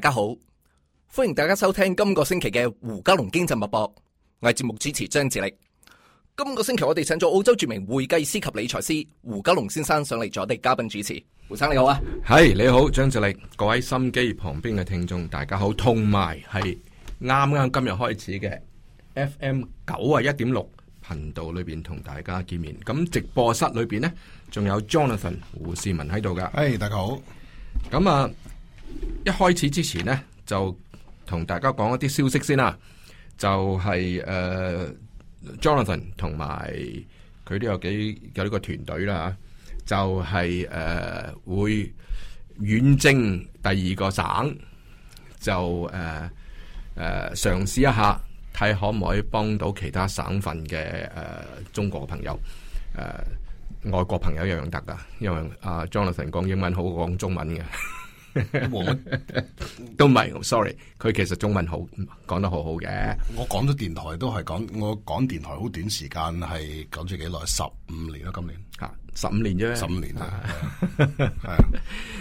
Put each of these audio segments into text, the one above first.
大家好，歡迎大家收聽今個星期嘅胡嘉龍經濟脈搏，我係節目主持張志力。今個星期我哋請咗澳洲著名會計師及理財師胡嘉龍先生上嚟做我哋嘉賓主持。胡生你好啊。係，你好張志力，各位心機旁邊嘅聽眾大家好，同埋係啱啱今日開始嘅 FM 九啊一點六頻道裏邊同大家見面。咁直播室裏邊呢，仲有 Jonathan 胡士文喺度噶，誒大家好，咁啊。一開始之前呢，就同大家講一啲消息先啦。就係、是、誒、呃、，Jonathan 同埋佢都有幾有呢個團隊啦就係、是、誒、呃、會遠征第二個省，就誒誒嘗試一下，睇可唔可以幫到其他省份嘅誒、呃、中國朋友誒、呃、外國朋友一樣得㗎，因為阿、啊、Jonathan 講英文好，講中文嘅。 都唔係，sorry，佢其實中文好，講得好好嘅。我講咗電台都係講，我講電台好短時間，係講咗幾耐？十五年咯，今年吓，十五年啫，十五年啊，係、啊啊 啊、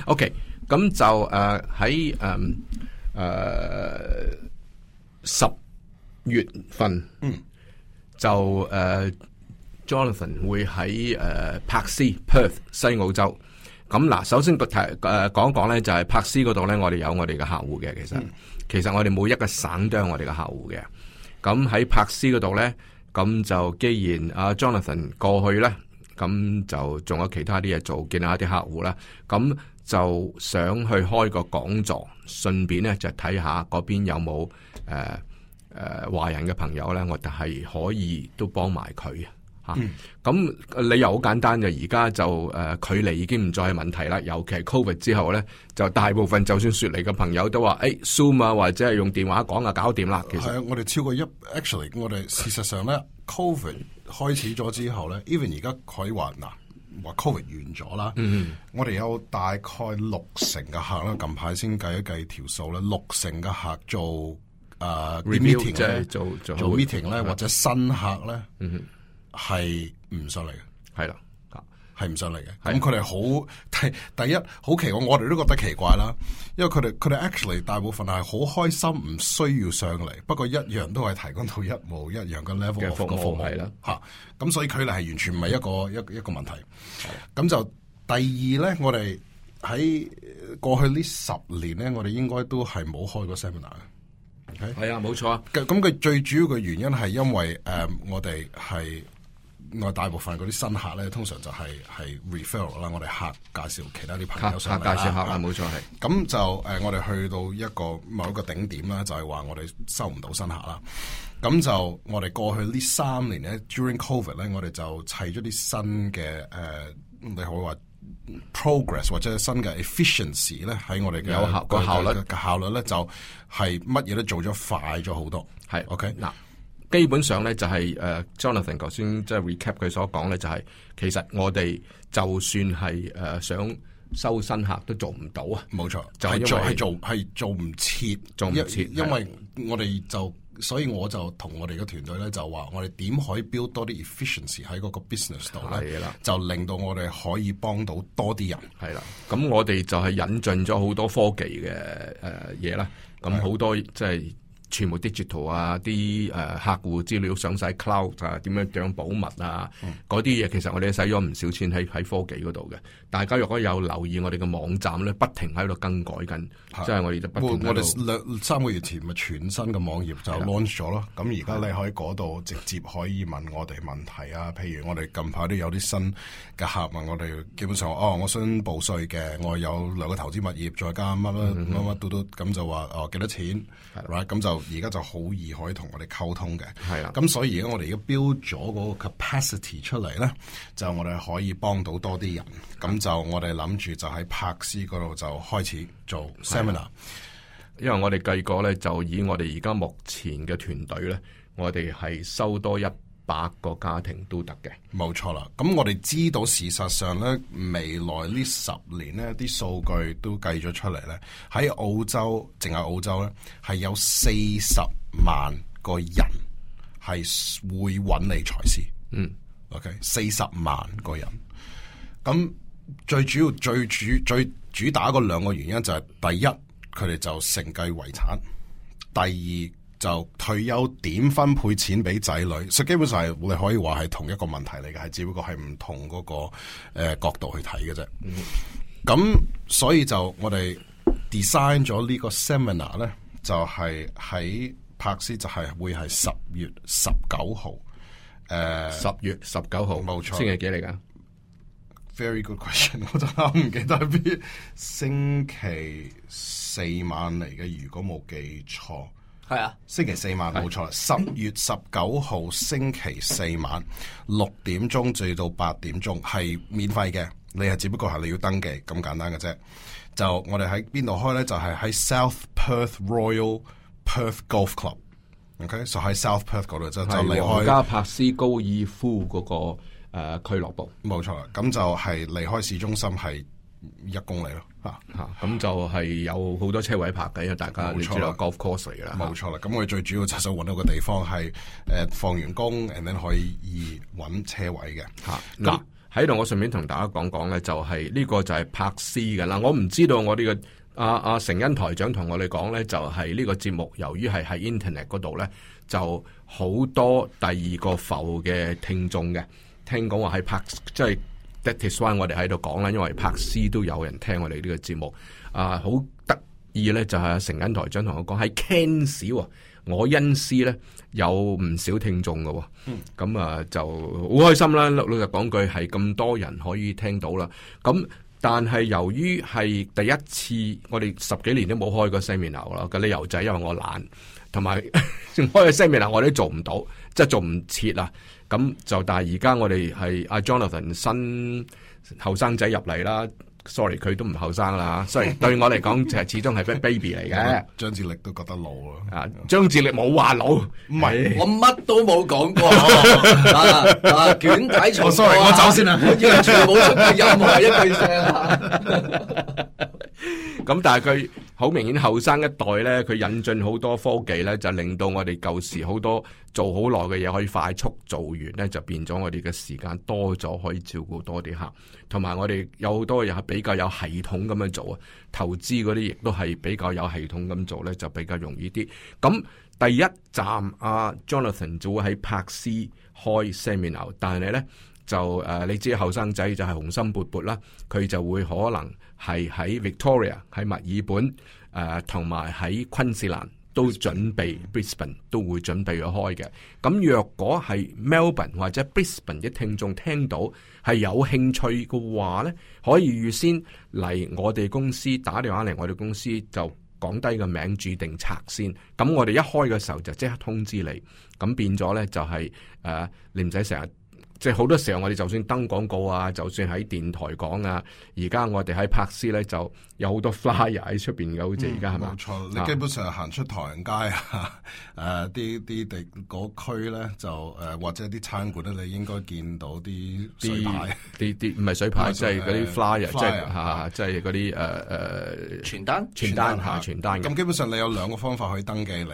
OK，咁就誒喺誒誒十月份，嗯，就誒、呃、Jonathan 會喺誒柏斯 （Perth） 西澳洲。咁嗱，首先個題誒、呃、講講咧，就係、是、柏斯嗰度咧，我哋有我哋嘅客戶嘅。其實，嗯、其實我哋每一個省都有我哋嘅客戶嘅。咁喺柏斯嗰度咧，咁就既然阿、啊、Jonathan 過去咧，咁就仲有其他啲嘢做，見下啲客戶啦。咁就想去開個講座，順便咧就睇下嗰邊有冇誒誒華人嘅朋友咧，我哋係可以都幫埋佢。咁、嗯啊、理由好簡單嘅，而家就誒、呃、距離已經唔再係問題啦，尤其係 Covid 之後咧，就大部分就算雪梨嘅朋友都話誒、欸、Zoom 啊，或者係用電話講啊，搞掂啦。其啊，我哋超過一，actually 我哋事實上咧 Covid 開始咗之後咧，even 而家佢話嗱話 Covid 完咗啦，嗯、我哋有大概六成嘅客啦，近排先計一計條數啦，六成嘅客做誒、呃、meeting 即係做做，做 meeting 咧，或者新客咧。嗯係唔上嚟嘅，係啦，吓，係唔上嚟嘅。咁佢哋好第第一好奇怪，我哋都覺得奇怪啦。因為佢哋佢哋 actually 大部分係好開心，唔需要上嚟。不過一樣都係提供到一模一樣嘅 level 嘅服務係啦，吓，咁所以佢哋係完全唔係一個一個一個問題。咁就第二咧，我哋喺過去呢十年咧，我哋應該都係冇開過 seminar 嘅。係、okay? 係啊，冇錯啊。咁佢最主要嘅原因係因為誒、嗯，我哋係。我大部分嗰啲新客咧，通常就係係 referral 啦，我哋客介紹其他啲朋友上嚟啦。介紹客啊，冇錯係。咁就誒，我哋去到一個某一個頂點啦，就係話我哋收唔到新客啦。咁就我哋過去呢三年咧，during COVID 咧，我哋就砌咗啲新嘅誒，你可以話 progress 或者新嘅 efficiency 咧，喺我哋嘅有效率，個效率咧，就係乜嘢都做咗快咗好多。係 OK 嗱。基本上咧就係誒 Jonathan 頭先即係 recap 佢所講咧，就係、是 uh，就是、其實我哋就算係誒、uh，想收新客都做唔到啊！冇錯，就係做係做唔切，做唔切，因為我哋就所以我就同我哋嘅團隊咧就話我哋點可以 build 多啲 efficiency 喺嗰個 business 度咧？係啦，就令到我哋可以幫到多啲人。係啦，咁我哋就係引進咗好多科技嘅誒嘢啦。咁好多即係。全部 digital 啊，啲、啊、誒客戶資料上晒 cloud 啊，點樣點樣保密啊，嗰啲嘢其實我哋使咗唔少錢喺喺科技嗰度嘅。大家若果有留意我哋嘅網站咧，不停喺度更改緊，即係、就是、我哋不停。我我哋兩三個月前咪全新嘅網頁就 launch 咗咯，咁而家你可以嗰度直接可以問我哋問題啊。譬如我哋近排都有啲新嘅客問我哋，基本上哦，我想報稅嘅，我有兩個投資物業再加乜乜乜乜嘟嘟，咁、嗯、就話哦幾多錢，係咁、right, 就。而家就好易可以同我哋溝通嘅，係啊，咁所以而家我哋而家 build 咗嗰個 capacity 出嚟咧，就我哋可以幫到多啲人，咁、啊、就我哋諗住就喺拍斯嗰度就開始做 seminar，、啊、因為我哋計過咧，就以我哋而家目前嘅團隊咧，我哋係收多一。八個家庭都得嘅，冇錯啦。咁我哋知道事實上呢，未來呢十年呢啲數據都計咗出嚟呢，喺澳洲淨係澳洲呢，係有四十萬個人係會揾理財師。嗯，OK，四十萬個人。咁最主要、最主、最主打嗰兩個原因就係、是、第一，佢哋就承繼遺產；第二。就退休點分配錢俾仔女，所以基本上係我哋可以話係同一個問題嚟嘅，係只不過係唔同嗰、那個誒、呃、角度去睇嘅啫。咁、mm -hmm. 所以就我哋 design 咗呢個 seminar 咧，就係喺柏斯，就係會係十月十九號誒，十月十九號，冇錯，星期幾嚟㗎？Very good question，我就諗唔記得係邊星期四晚嚟嘅，如果冇記錯。係啊，星期四晚冇錯啦，十月十九號星期四晚六點鐘至到八點鐘，係免費嘅，你係只不過係你要登記咁簡單嘅啫。就我哋喺邊度開咧，就係、是、喺 South Perth Royal Perth Golf Club。OK，就 so 喺 South Perth 嗰度，就就離開皇家柏斯高爾夫嗰、那個誒、呃、俱樂部。冇錯啦，咁就係離開市中心係一公里咯。啊，咁、啊、就係有好多車位泊嘅，因為大家知道，golf course 嚟啦，冇錯啦。咁我哋最主要就想揾到個地方係，誒、呃、放完工，然後可以揾車位嘅。吓、啊，嗱喺度，我順便同大家講講咧，就係呢個就係拍 C 嘅啦。我唔知道我哋、這個阿阿、啊啊、成恩台長同我哋講咧，就係、是、呢個節目由於係喺 internet 嗰度咧，就好多第二個埠嘅聽眾嘅，聽講話係拍即係、就是。Debbie 所話我哋喺度講啦，因為拍攝都有人聽我哋呢個節目啊，好得意咧，就係成間台長同我講喺 Cancel，我恩師咧有唔少聽眾嘅，咁啊就好開心啦！老老實講句，係咁多人可以聽到啦。咁但係由於係第一次，我哋十幾年都冇開過 seminar 啦。個理由就係因為我懶，同埋 開個 seminar 我都做唔到，即係做唔切啊！咁就但係而家我哋係阿 Jonathan 新後生仔入嚟啦，sorry 佢都唔後生啦，sorry 對我嚟講就係始終係個 baby 嚟嘅。張智力都覺得老咯，啊張智力冇話老，唔係我乜都冇講過， 啊、卷、oh, Sorry，我先走先啦，完全冇出過任何一句聲。咁 但係佢好明顯後生一代咧，佢引進好多科技咧，就令到我哋舊時好多。做好耐嘅嘢可以快速做完呢，就變咗我哋嘅時間多咗，可以照顧多啲客。同埋我哋有好多嘢係比較有系統咁樣做啊，投資嗰啲亦都係比較有系統咁做呢就比較容易啲。咁第一站啊 Jonathan 就會喺柏斯開 Seminar，但係呢，就誒你知後生仔就係雄心勃勃啦，佢就會可能係喺 Victoria 喺墨爾本誒同埋喺昆士蘭。.都準備 Brisbane 都會準備咗開嘅，咁若果係 Melbourne 或者 Brisbane 嘅聽眾聽到係有興趣嘅話咧，可以預先嚟我哋公司，打電話嚟我哋公司就講低個名註定拆先，咁我哋一開嘅時候就即刻通知你，咁變咗咧就係、是、誒、呃、你唔使成日。即係好多時候，我哋就算登廣告啊，就算喺電台講啊，而家我哋喺柏斯咧，就有好多 flyer 喺出面嘅，好似而家係咪？冇錯，你基本上行出唐人街啊，啲啲地嗰區咧，就、啊、或者啲餐館咧，你應該見到啲啲啲啲唔係水牌，即係嗰啲 flyer，即係即係嗰啲傳單，傳單嚇，傳單。咁基本上你有兩個方法去登記嚟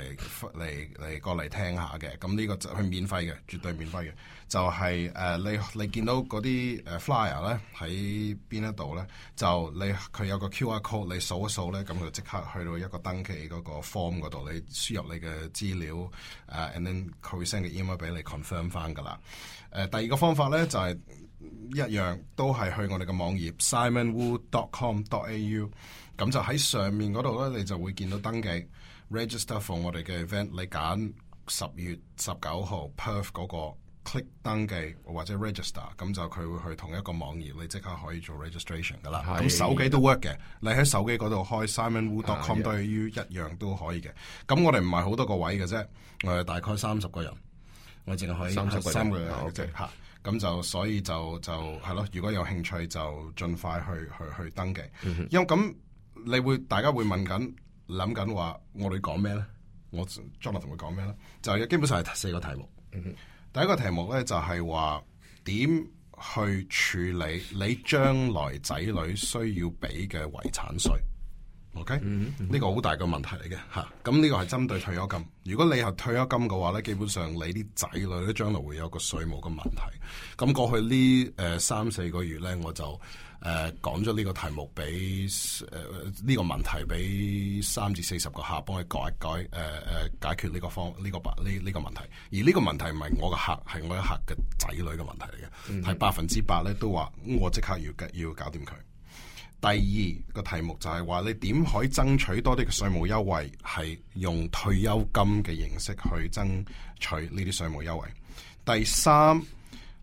嚟嚟過嚟聽下嘅，咁呢個就係免費嘅，絕對免費嘅。就係、是 uh, 你你見到嗰啲 flyer 咧喺邊一度咧？就你佢有個 QR code，你掃一掃咧，咁佢就即刻去到一個登記嗰個 form 嗰度，你輸入你嘅資料、uh,，and then 佢 send 嘅 email 俾你 confirm 翻噶啦。Uh, 第二個方法咧就係、是、一樣，都係去我哋嘅網頁 simonwood.com.au。咁就喺上面嗰度咧，你就會見到登記 register for 我哋嘅 event。你揀十月十九號 Perth 嗰、那個。click 登記或者 register，咁就佢會去同一個網頁，你即刻可以做 registration 噶啦。咁手機都 work 嘅，你喺手機嗰度開 SimonWood.com 對於一樣都可以嘅。咁我哋唔係好多個位嘅啫、嗯，我哋大概三十個人，我淨係可以三十、啊、個人即係嚇。咁、啊 okay, 就所以就就係咯、嗯，如果有興趣就盡快去去去登記。嗯、因為咁你會大家會問緊諗緊話，我哋講咩咧？我 John 同佢講咩咧？就係基本上係四個題目。嗯第一個題目咧，就係話點去處理你將來仔女需要俾嘅遺產稅，OK？呢、嗯嗯，呢個好大嘅問題嚟嘅吓。咁、啊、呢個係針對退休金。如果你係退休金嘅話咧，基本上你啲仔女咧將來會有個稅務嘅問題。咁過去呢誒三四個月咧，我就。誒、呃、講咗呢個題目俾誒呢個問題俾三至四十個客，幫佢改改誒誒、呃、解決呢個方呢、呢個百呢呢個問題。而呢個問題唔係我個客，係我啲客嘅仔女嘅問題嚟嘅，係、嗯、百分之百咧都話我即刻要要搞掂佢。第二個題目就係話你點可以爭取多啲嘅稅務優惠？係用退休金嘅形式去爭取呢啲稅務優惠。第三，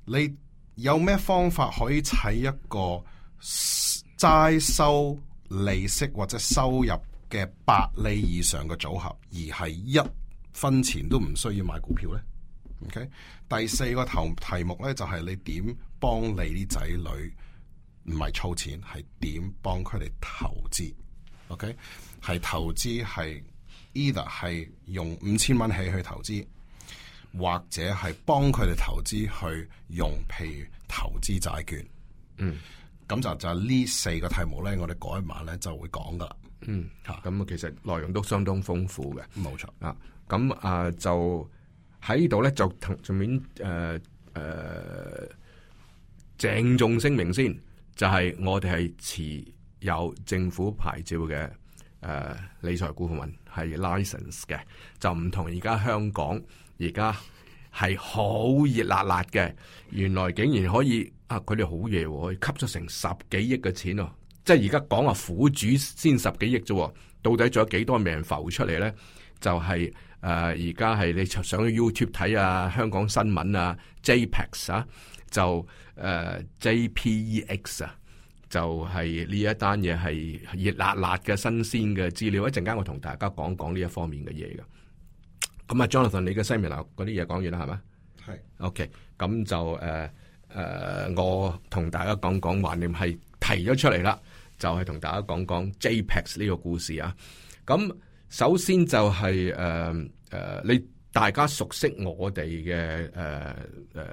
你有咩方法可以砌一個齋收利息或者收入嘅百厘以上嘅組合，而係一分錢都唔需要買股票呢 OK，第四個頭題目呢，就係你點幫你啲仔女，唔係儲錢，係點幫佢哋投資？OK，係投資係，either 係用五千蚊起去投資，或者係幫佢哋投資去用，譬如投資債券，嗯。咁就就呢四個題目咧，我哋改一晚咧就會講噶啦。嗯，吓咁啊，其實內容都相當豐富嘅。冇錯啊，咁啊、呃、就喺呢度咧就同順便誒誒鄭重聲明先，就係、是、我哋係持有政府牌照嘅誒、呃、理財顧問係 license 嘅，就唔同而家香港而家係好熱辣辣嘅，原來竟然可以。佢哋好嘢，吸咗成十幾億嘅錢哦，即係而家講話苦主先十幾億啫，到底仲有幾多命浮出嚟咧？就係、是、誒，而家係你上去 YouTube 睇啊，香港新聞啊，JPEX 啊，就誒、呃、JPEX 啊，就係、是、呢一單嘢係熱辣辣嘅新鮮嘅資料。一陣間我同大家講講呢一方面嘅嘢嘅。咁啊，Jonathan，你嘅 seminar 嗰啲嘢講完啦，係咪？係。OK，咁就誒。呃誒、uh，我同大家講講，橫掂係提咗出嚟啦，就係、是、同大家講講 JPEX 呢個故事啊。咁首先就係誒誒，uh, uh, 你大家熟悉我哋嘅誒誒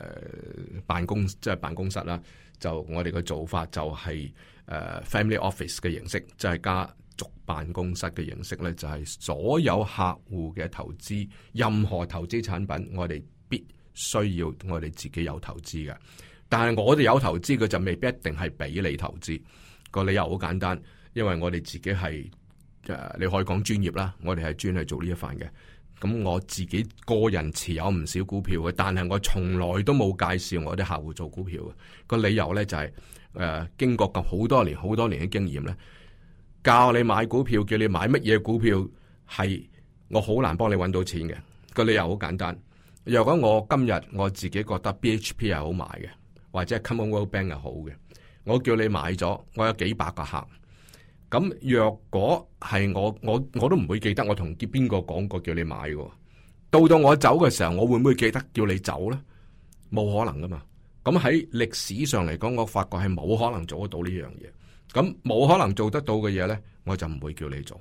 辦公即係、就是、辦公室啦。就我哋嘅做法就係誒 family office 嘅形式，即係家族辦公室嘅形式咧，就係、是、所有客戶嘅投資，任何投資產品，我哋必須要我哋自己有投資嘅。但係我哋有投資，佢就未必一定係俾你投資個理由。好簡單，因為我哋自己係誒，你可以講專業啦。我哋係專係做呢一份嘅。咁我自己個人持有唔少股票嘅，但係我從來都冇介紹我啲客戶做股票嘅個理由咧、就是，就係誒，經過咁好多年、好多年嘅經驗咧，教你買股票，叫你買乜嘢股票係我好難幫你揾到錢嘅個理由。好簡單。若果我今日我自己覺得 B H P 係好買嘅。或者係 c o m m o n w o r l d Bank 好嘅，我叫你買咗，我有幾百個客。咁若果係我我我都唔會記得我同結邊個講過叫你買嘅。到到我走嘅時候，我會唔會記得叫你走咧？冇可能噶嘛。咁喺歷史上嚟講，我發覺係冇可，可能做得到呢樣嘢。咁冇可能做得到嘅嘢咧，我就唔會叫你做。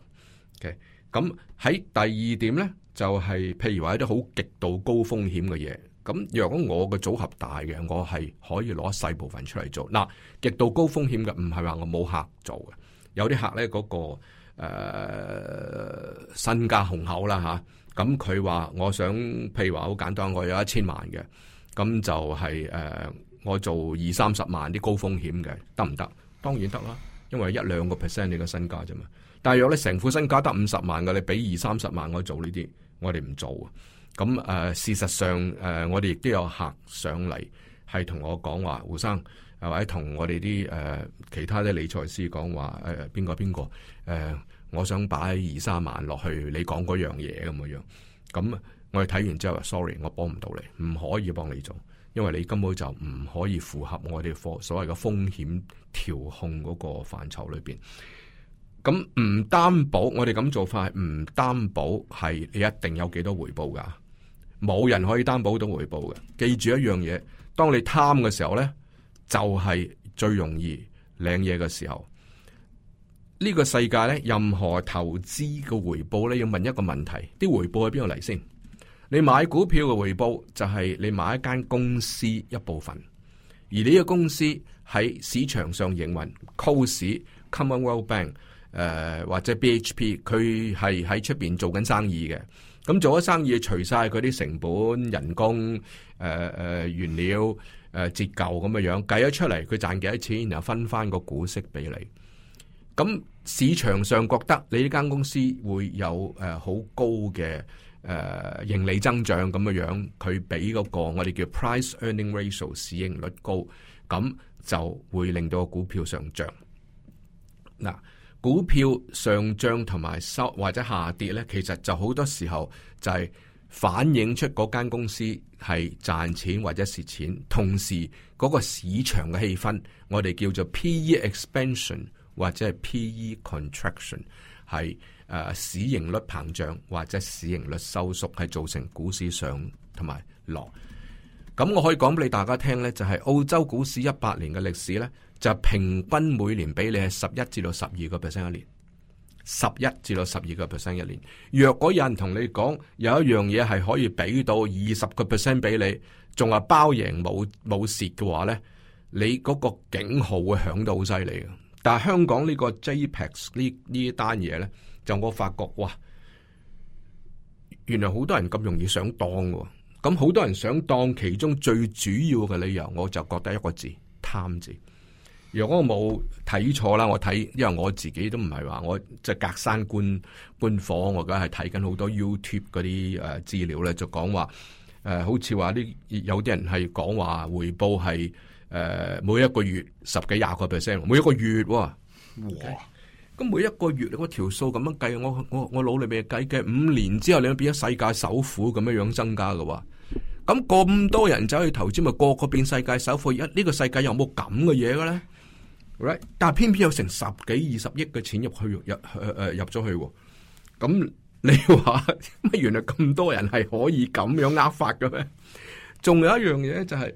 咁、okay？喺第二點咧，就係、是、譬如話一啲好極度高風險嘅嘢。咁若果我嘅組合大嘅，我係可以攞細部分出嚟做。嗱，極度高風險嘅唔係話我冇客做嘅，有啲客咧嗰、那個誒、呃、身家雄厚啦吓。咁佢話我想，譬如話好簡單，我有一千萬嘅，咁就係、是、誒、呃、我做二三十萬啲高風險嘅得唔得？當然得啦，因為一兩個 percent 你嘅身家啫嘛。但係若你成副身家得五十萬嘅，你俾二三十萬我做呢啲，我哋唔做。咁誒，事實上誒，我哋亦都有客上嚟，係同我講話胡生，或者同我哋啲誒其他啲理財師講話誒，邊個邊個誒，我想擺二三萬落去，你講嗰樣嘢咁嘅樣。咁我哋睇完之後，sorry，我幫唔到你，唔可以幫你做，因為你根本就唔可以符合我哋風所謂嘅風險調控嗰個範疇裏邊。咁唔擔保，我哋咁做法係唔擔保，係你一定有幾多回報噶。冇人可以擔保到回報嘅。記住一樣嘢，當你貪嘅時候咧，就係、是、最容易領嘢嘅時候。呢、這個世界咧，任何投資嘅回報咧，要問一個問題：啲回報喺邊度嚟先？你買股票嘅回報就係你買一間公司一部分，而呢個公司喺市場上營運，Coles Commonwealth Bank，誒、呃、或者 BHP，佢係喺出邊做緊生意嘅。咁做咗生意，除晒佢啲成本、人工、誒、呃、誒、呃、原料、誒、呃、折舊咁嘅樣計咗出嚟，佢賺幾多錢，然後分翻個股息俾你。咁市場上覺得你呢間公司會有誒好、呃、高嘅誒、呃、盈利增長咁嘅樣，佢俾嗰個我哋叫 price earning ratio 市盈率高，咁就會令到個股票上漲。嗱。股票上漲同埋收或者下跌呢，其實就好多時候就係反映出嗰間公司係賺錢或者蝕錢，同時嗰個市場嘅氣氛，我哋叫做 P E expansion 或者係 P E contraction，係誒市盈率膨脹或者市盈率收縮，係造成股市上同埋落。咁我可以講俾大家聽呢，就係澳洲股市一百年嘅歷史呢。就是、平均每年俾你係十一至到十二個 percent 一年，十一至到十二個 percent 一年。若果有人同你講有一樣嘢係可以俾到二十個 percent 俾你，仲話包贏冇冇蝕嘅話咧，你嗰個警號會響到好犀利嘅。但係香港個呢個 JPEX 呢呢一單嘢咧，就我發覺哇，原來好多人咁容易上當嘅。咁好多人上當其中最主要嘅理由，我就覺得一個字貪字。如果我冇睇錯啦，我睇，因為我自己都唔係話，我即係、就是、隔山觀觀火，我而家係睇緊好多 YouTube 嗰啲誒資料咧，就講話誒，好似話啲有啲人係講話回報係誒、呃、每一個月十幾廿個 percent，每一個月喎、啊，哇！咁每一個月嗰條數咁樣計，我我我腦裏邊計計五年之後你變咗世界首富咁樣樣增加嘅喎，咁咁多人走去投資咪個個變世界首富？一、這、呢個世界有冇咁嘅嘢嘅咧？Right, 但係偏偏有成十幾二十億嘅錢入去入誒入咗去，咁你話，乜原來咁多人係可以咁樣呃法嘅咩？仲有一樣嘢就係，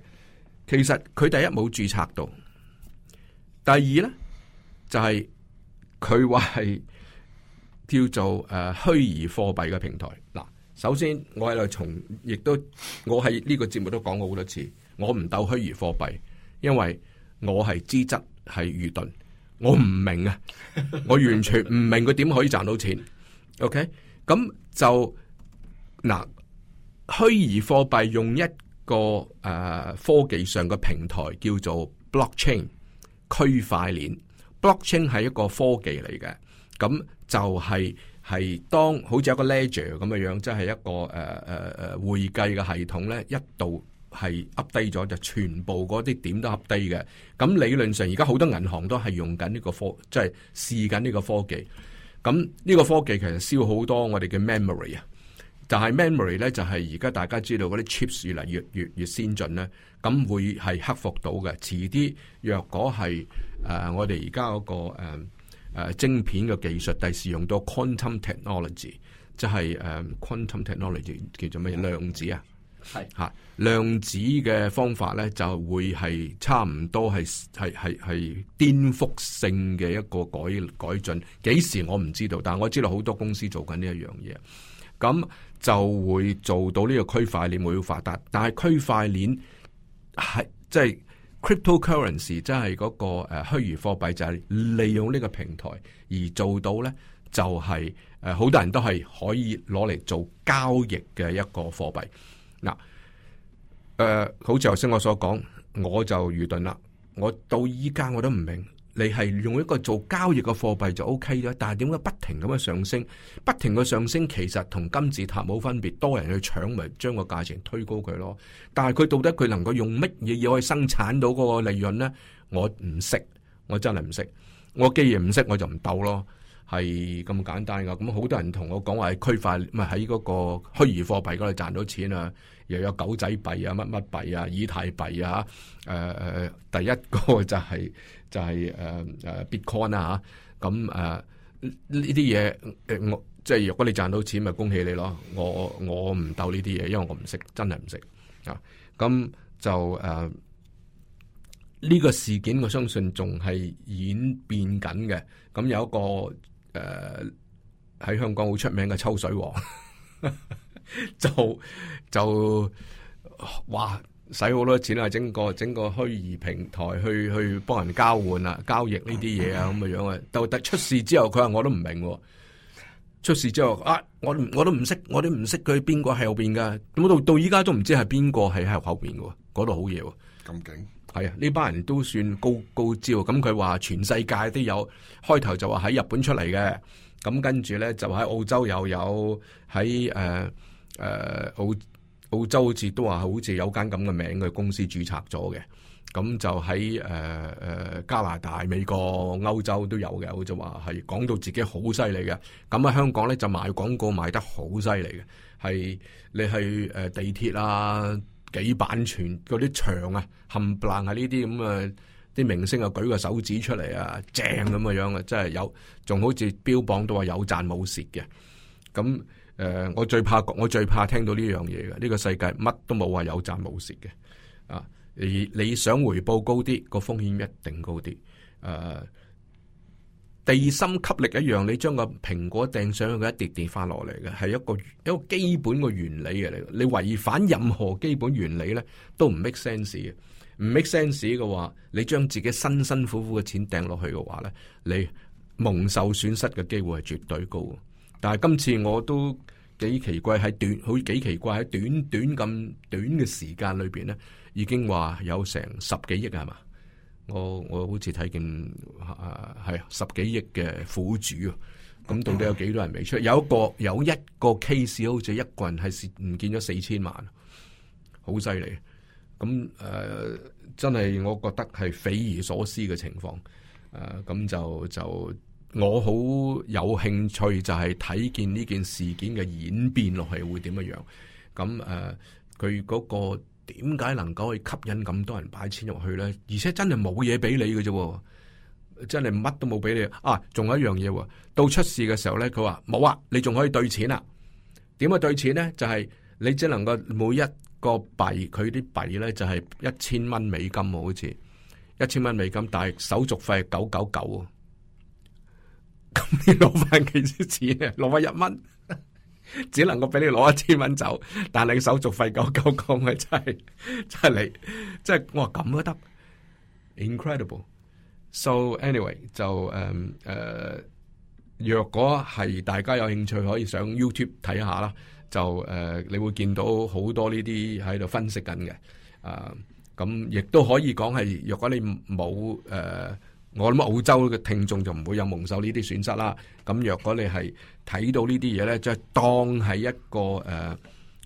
其實佢第一冇註冊到，第二咧就係佢話係叫做誒虛擬貨幣嘅平台。嗱，首先我喺度從，亦都我喺呢個節目都講過好多次，我唔鬥虛擬貨幣，因為我係資質。係愚鈍，我唔明啊， 我完全唔明佢點可以賺到錢。OK，咁就嗱，虛擬貨幣用一個誒、呃、科技上嘅平台叫做 blockchain 區塊鏈，blockchain 係一個科技嚟嘅，咁就係、係、係當好似一個 ledger 咁嘅樣，即、就、係、係、一個誒誒誒會計嘅系統咧，一度。係噏低咗，就全部嗰啲點都噏低嘅。咁理論上，而家好多銀行都係用緊呢個科，即係試緊呢個科技。咁呢個科技其實燒好多我哋嘅 memory 啊。但係 memory 咧，就係而家大家知道嗰啲 chips 越嚟越越越先進咧，咁會係克服到嘅。遲啲若果係誒、呃，我哋而家嗰個誒、呃呃、晶片嘅技術，第時用到 quantum technology，即係誒 quantum technology 叫做咩量子啊？係吓、啊、量子嘅方法咧，就會係差唔多係係係係顛覆性嘅一個改改進。幾時我唔知道，但係我知道好多公司做緊呢一樣嘢，咁就會做到呢個區塊鏈會發達。但係區塊鏈係即係 cryptocurrency，即係嗰個誒虛擬貨幣，就係、是、利用呢個平台而做到咧，就係誒好多人都係可以攞嚟做交易嘅一個貨幣。嗱，誒，好似頭先我所講，我就愚鈍啦。我到依家我都唔明，你係用一個做交易嘅貨幣就 O K 嘅，但係點解不停咁嘅上升，不停嘅上升，其實同金字塔冇分別，多人去搶咪將個價錢推高佢咯。但係佢到底佢能夠用乜嘢嘢去生產到嗰個利潤呢？我唔識，我真係唔識，我既然唔識我就唔鬥咯。係咁簡單㗎，咁好多人同我講話喺區塊唔係喺嗰個虛擬貨幣嗰度賺到錢啊，又有狗仔幣啊，乜乜幣啊，以太幣啊，誒、呃、誒，第一個就係、係、就係誒誒 Bitcoin 啊，咁誒呢啲嘢誒我即係、就係、如果你賺到錢，咪恭喜你咯。我我唔鬥呢啲嘢，因為我唔識，真係唔識啊。咁就誒呢、啊呢個事件，我相信仲係演變緊嘅。咁有一個。誒，喺香港好出名嘅抽水王， 就就哇，使好多錢啊，整個整個虛擬平台去去幫人交換啊、交易呢啲嘢啊，咁嘅樣啊，到出事之後佢話我都唔明喎，出事之後啊，我我都唔識，我都唔識佢邊個喺後邊噶，咁到到依家都唔知係邊個係喺後邊嘅，嗰度好嘢。咁勁。係啊，呢班人都算高高招。咁佢話全世界都有，開頭就話喺日本出嚟嘅。咁跟住咧就喺澳洲又有喺，誒誒澳澳洲，好似都話好似有間咁嘅名嘅公司註冊咗嘅。咁就喺誒誒加拿大、美國、歐洲都有嘅。好似話係講到自己好犀利嘅。咁喺香港咧就賣廣告賣得好犀利嘅，係你去誒地鐵啊。幾版權嗰啲牆啊，冚唪唥係呢啲咁嘅啲明星啊舉個手指出嚟啊，正咁嘅樣啊，樣真係有，仲好似標榜到話有賺冇蝕嘅，咁誒、呃、我最怕我最怕聽到呢樣嘢嘅。呢、呢個世界乜都冇話有賺冇蝕嘅啊，而你想回報高啲，個風險一定高啲誒。啊地心吸力一樣，你將個蘋果掟上去，佢一跌跌翻落嚟嘅，係一個一個基本嘅原理嚟嘅。你違反任何基本原理咧，都唔 make sense 嘅。唔 make sense 嘅話，你將自己辛辛苦苦嘅錢掟落去嘅話咧，你蒙受損失嘅機會係絕對高嘅。但係今次我都幾奇怪，喺短好幾奇怪喺短短咁短嘅時間裏邊咧，已經話有成十幾億係嘛？是吧？我我好似睇見誒係、啊、十幾億嘅苦主啊，咁到底有幾多人未出？有一個有一個 case 好似一個人係蝕唔見咗四千萬，好犀利。咁誒、啊、真係我覺得係匪夷所思嘅情況。誒、啊、咁就就我好有興趣就係睇見呢件事件嘅演變落去會點樣樣。咁誒佢嗰個。點解能夠去吸引咁多人擺錢入去咧？而且真係冇嘢俾你嘅啫，真係乜都冇俾你啊！仲有一樣嘢，到出事嘅時候咧，佢話冇啊，你仲可以兌錢啊？點啊兌錢咧？就係你只能夠每一個幣，佢啲幣咧就係一千蚊美金，好似一千蚊美金，但係手續費係九九九啊！咁你攞翻幾多錢？攞 翻一蚊？ 只能我俾你攞一千蚊走，但你嘅手續費九九九嘅真係真係你，即係我話咁都得。Incredible。So anyway 就誒誒，若、呃、果係大家有興趣，可以上 YouTube 睇下啦。就誒、呃，你會見到好多呢啲喺度分析緊嘅。啊、呃，咁亦都可以講係，若果你冇誒。呃我諗澳洲嘅聽眾就唔會有蒙受呢啲損失啦。咁若果你係睇到呢啲嘢咧，就當係一個誒、呃、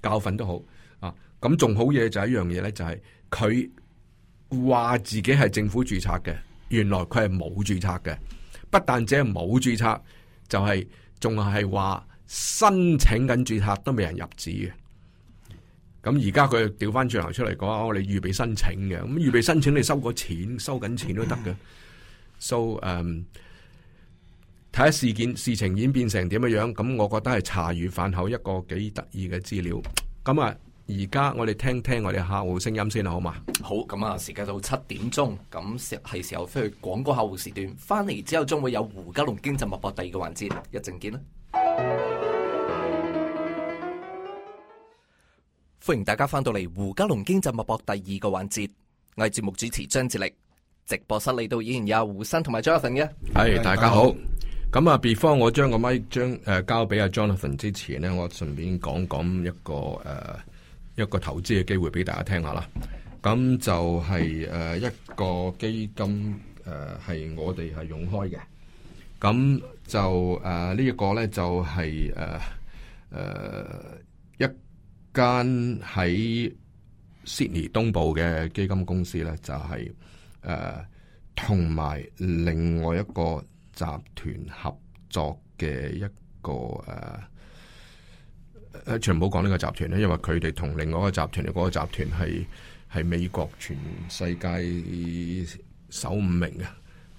教訓都好啊。咁仲好嘢就係一樣嘢咧，就係佢話自己係政府注冊嘅，原來佢係冇注冊嘅。不但只係冇注冊，就係仲係話申請緊注冊都未人入紙嘅。咁而家佢調翻轉頭出嚟講，我哋預備申請嘅，咁、嗯、預備申請你收個錢收緊錢都得嘅。so 嗯，睇下事件事情演變成點嘅樣，咁我覺得係茶餘飯後一個幾得意嘅資料。咁啊，而家我哋聽聽我哋客戶聲音先啦，好嘛？好，咁啊，時間到七點鐘，咁係時候飛去廣告客戶時段。翻嚟之後，將會有胡嘉龍經濟脈搏第二個環節，一陣見啦。歡迎大家翻到嚟胡嘉龍經濟脈搏第二個環節，我係節目主持張智力。直播室嚟到，以前有胡生同埋 Jonathan 嘅。係、hey，大家好，咁啊 ，before 我將個麥將誒交俾阿 Jonathan 之前咧，我順便講講一個誒、呃、一個投資嘅機會俾大家聽下啦。咁就係誒一個基金誒係、呃、我哋係用開嘅。咁就誒呢、呃這個就是呃呃、一個咧就係誒誒一間喺 Sydney 東部嘅基金公司咧就係、是。誒同埋另外一個集團合作嘅一個誒誒、啊，全部講呢個集團咧，因為佢哋同另外一個集團嘅嗰、嗰個集團係係美國全世界首五名嘅，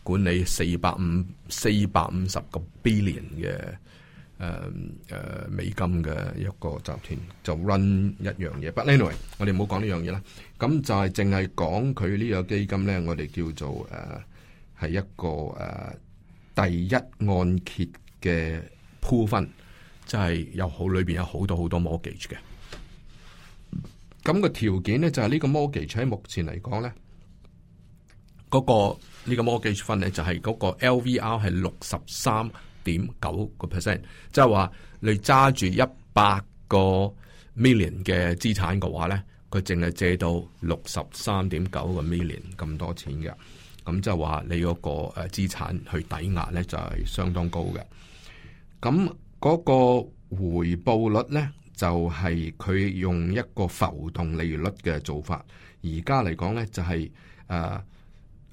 管理四百五四百五十個 billion 嘅。誒、嗯、誒、嗯，美金嘅一個集團就 run 一樣嘢。But anyway，我哋唔好講呢樣嘢啦。咁就係淨係講佢呢個基金咧，我哋叫做誒係、啊、一個誒、啊、第一按揭嘅鋪分，就係有好裏邊有好多好多 mortgage 嘅。咁個條件咧就係呢個 mortgage 喺目前嚟講咧，嗰、那個呢個 mortgage 分咧就係、是、嗰個 LVR 係六十三。點九個 percent，即係話你揸住一百個 million 嘅資產嘅話咧，佢淨係借到六十三點九個 million 咁多錢嘅，咁即係話你嗰個誒資產去抵押咧就係相當高嘅。咁嗰個回報率咧就係佢用一個浮動利率嘅做法，而家嚟講咧就係誒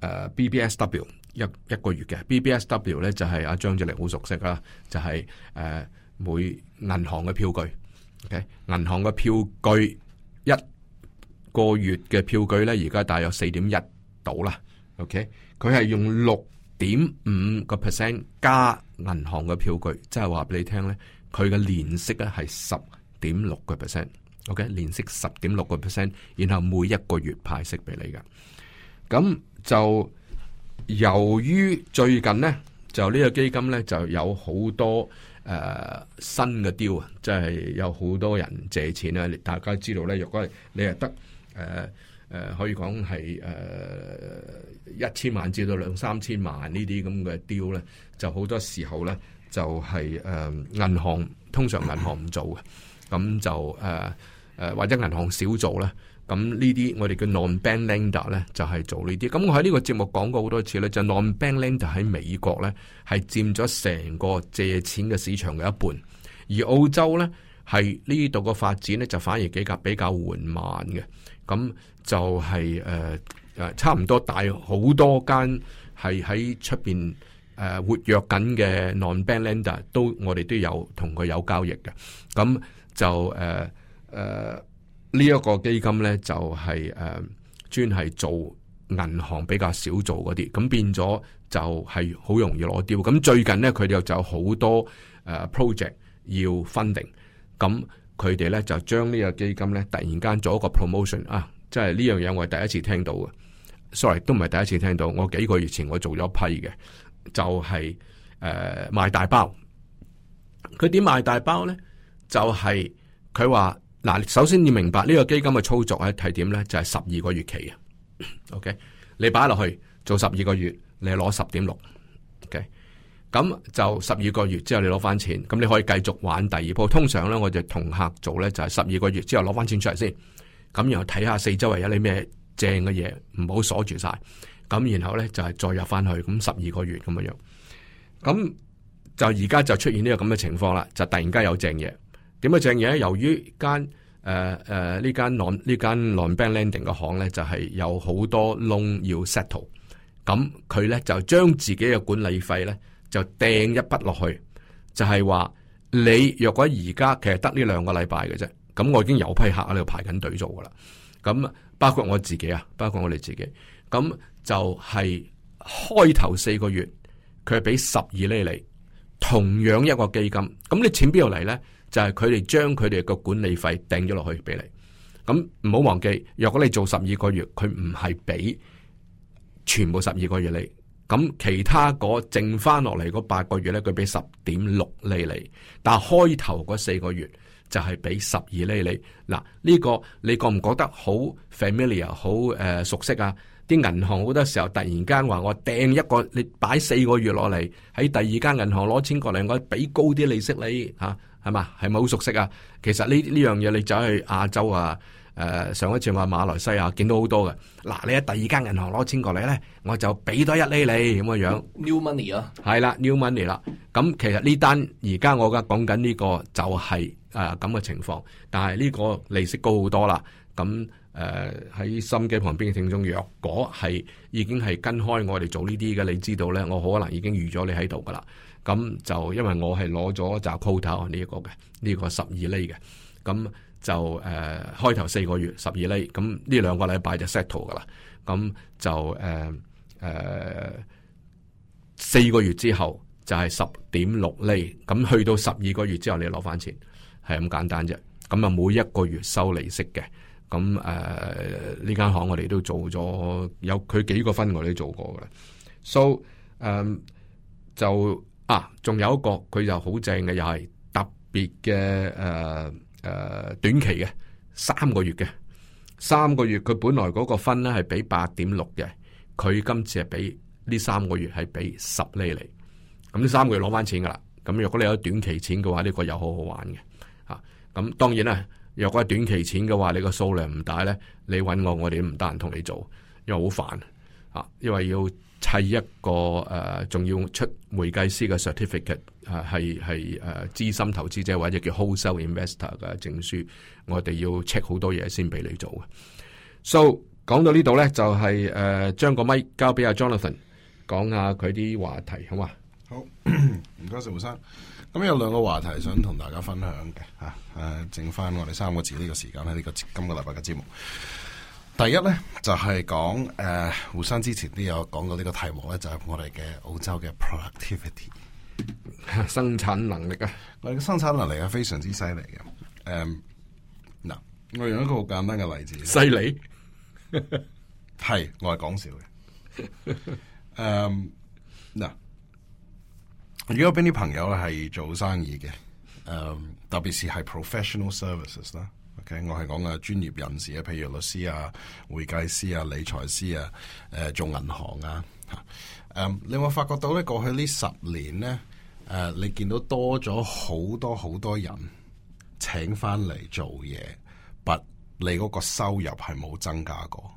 誒 BBSW。一一個月嘅 BBSW 咧就係阿張志力好熟悉啦，就係、是、誒每銀行嘅票據，OK，銀行嘅票據一個月嘅票據咧，而家大約四點一到啦，OK，佢係用六點五個 percent 加銀行嘅票據，即係話俾你聽咧，佢嘅年息咧係十點六個 percent，OK，年息十點六個 percent，然後每一個月派息俾你㗎，咁就。由於最近呢，就呢個基金呢，就有好多、呃、新嘅 deal，啊，即係有好多人借錢啦。大家知道呢，如果你係得、呃呃、可以講係、呃、一千萬至到兩三千萬呢啲咁嘅 deal 呢，就好多時候呢，就係、是呃、銀行通常銀行唔做嘅，咁就、呃、或者銀行少做呢。咁呢啲我哋嘅 non-bank lender 咧，就係做呢啲。咁我喺呢個節目講過好多次咧，就 non-bank lender 喺美國咧係佔咗成個借錢嘅市場嘅一半，而澳洲咧係呢度個發展咧就反而比較比較緩慢嘅，咁就係誒誒差唔多大好多間係喺出邊誒活躍緊嘅 non-bank lender 都我哋都有同佢有交易嘅，咁就誒誒。呢、這、一個基金咧就係、是、誒、呃、專係做銀行比較少做嗰啲，咁變咗就係好容易攞掉。咁最近咧，佢哋又就有好多誒、呃、project 要 f u n d i n g 咁佢哋咧就將呢個基金咧突然間做一個 promotion 啊，即係呢樣嘢我係第一次聽到嘅。sorry，都唔係第一次聽到，我幾個月前我做咗批嘅，就係、是、誒、呃、賣大包。佢點賣大包咧？就係佢話。嗱，首先你明白呢個基金嘅操作係點咧？就係十二個月期啊。OK，你擺落去做十二個月，你攞十點六。OK，咁就十二個月之後你攞翻錢，咁你可以繼續玩第二鋪。通常咧，我哋就同客做咧就係十二個月之後攞翻錢出嚟先，咁然後睇下四周圍有啲咩正嘅嘢，唔好鎖住晒。咁然後咧就係、是、再入翻去，咁十二個月咁嘅樣。咁就而家就出現呢個咁嘅情況啦，就突然間有正嘢。點樣正嘢？由於間誒誒呢間浪呢間 non-bank lending 嘅行咧，就係、是，有好多 loan 要 settle。咁佢咧就將自己嘅管理費咧就掟一筆落去，就係、是，話你若果而家其實得呢兩個禮拜嘅啫。咁我已經有批客喺度排緊隊做噶啦。咁包括我自己啊，包括我哋自己。咁就係開頭四個月佢係俾十二厘嚟，同樣一個基金。咁你錢邊度嚟咧？就係佢哋將佢哋嘅管理費掟咗落去俾你，咁唔好忘記，若果你做十二個月，佢唔係俾全部十二個月你。咁其他嗰剩翻落嚟嗰八個月咧，佢俾十點六厘你，但係開頭嗰四個月就係俾十二厘你。嗱，呢個你覺唔覺得好 familiar，好誒熟悉啊？啲銀行好多時候突然間話我掟一個你擺四個月落嚟，喺第二間銀行攞錢過嚟，我俾高啲利息你吓。啊係嘛？係咪好熟悉啊？其實呢呢樣嘢，你走去亞洲啊，誒、呃、上一次話馬來西亞見到好多嘅。嗱，你喺第二間銀行攞錢過嚟咧，我就俾多一厘你咁嘅樣。New money 啊，係啦，new money 啦。咁其實呢單而家我而家講緊呢個就係誒咁嘅情況。但係呢個利息高好多啦。咁誒喺心機旁邊嘅聽眾，若果係已經係跟開我哋做呢啲嘅，你知道咧，我可能已經預咗你喺度噶啦。咁就因為我係攞咗扎 quota 呢一個嘅，呢、呢個十二厘嘅，咁就誒、呃、開頭四個月十二厘，咁呢兩個禮拜就 settle 噶啦，咁就誒誒四個月之後就係十點六厘，咁去到十二個月之後你攞翻錢，係咁簡單啫。咁啊每一個月收利息嘅，咁誒呢間行我哋都做咗有佢幾個分我哋都做過噶啦。So 誒、呃、就。啊，仲有一個佢就好正嘅，又係特別嘅誒誒短期嘅三個月嘅三個月，佢本來嗰個分咧係俾八點六嘅，佢今次係俾呢三個月係俾十厘厘，咁呢三個月攞翻錢噶啦。咁如果你有短期錢嘅話，呢、呢個又好好玩嘅嚇。咁、啊、當然啦，若果係短期錢嘅話，你個數量唔大咧，你揾我，我哋唔得閒同你做，因為好煩啊，因為要。砌一個誒，仲、啊、要出會計師嘅 certificate，係係誒資深投資者或者叫 wholesale investor 嘅證書，我哋要 check 好多嘢先俾你做嘅。So 講到呢度咧，就係誒將個麥交俾阿 Jonathan 講下佢啲話題，好嘛？好，唔該晒胡生。咁有兩個話題想同大家分享嘅吓，誒、啊，剩翻我哋三個字呢個時間喺呢個今個禮拜嘅節目。第一咧就係講誒，胡、呃、生之前都有講過呢個題目咧，就係、是、我哋嘅澳洲嘅 productivity 生產能力啊，我哋嘅生產能力係非常之犀利嘅。誒，嗱，我用一個好簡單嘅例子，犀利係我係講笑嘅。誒，嗱，如果有邊啲朋友係做生意嘅，um, 特別是係 professional services 啦。Okay, 我係講嘅專業人士啊，譬如律師啊、會計師啊、理財師啊，誒、呃、做銀行啊，吓，誒，你有冇發覺到咧過去呢十年咧，誒、呃，你見到多咗好多好多人請翻嚟做嘢，但你嗰個收入係冇增加過。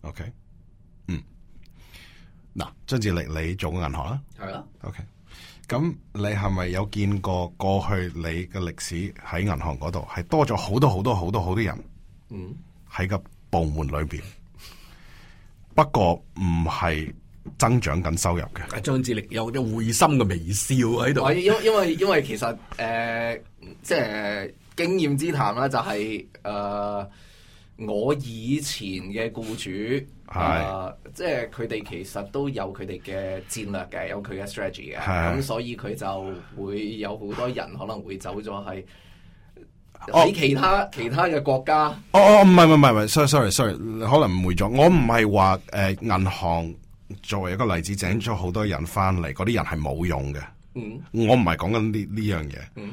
OK，嗯，嗱，張志力，你做過銀行啦，係啊，OK。咁你係咪有見過過去你嘅歷史喺銀行嗰度係多咗好多好多好多好多人？嗯，喺個部門裏邊，不過唔係增長緊收入嘅。張智力有有會心嘅微笑喺度，因為因為因為其實誒、呃，即係經驗之談啦、就是，就係誒。我以前嘅僱主、嗯，是，啊，即係佢哋其實都有佢哋嘅戰略嘅，有佢嘅 strategy 嘅，咁所以佢就會有好多人可能會走咗喺喺其他、哦、其他嘅國家。哦哦，唔係唔係唔係，sorry sorry sorry，可能誤會咗。我唔係話誒銀行作為一個例子整咗好多人翻嚟，嗰啲人係冇用嘅。嗯，我唔係講緊呢呢樣嘢。嗯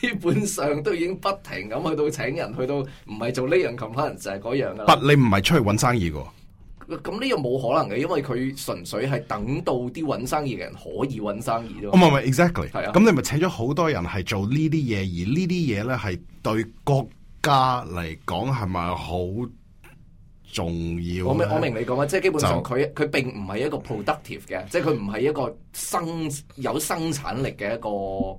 基本上都已經不停咁去到請人，去到唔係做呢樣，咁可能就係嗰樣噶。不，你唔係出去搵生意噶。咁呢個冇可能嘅，因為佢純粹係等到啲搵生意嘅人可以搵生意咯。唔係 I mean, exactly 係啊。咁你咪請咗好多人係做呢啲嘢，而呢啲嘢咧係對國家嚟講係咪好重要？我明，我明你講啊，即係基本上佢佢並唔係一個 productive 嘅，即係佢唔係一個生有生產力嘅一個。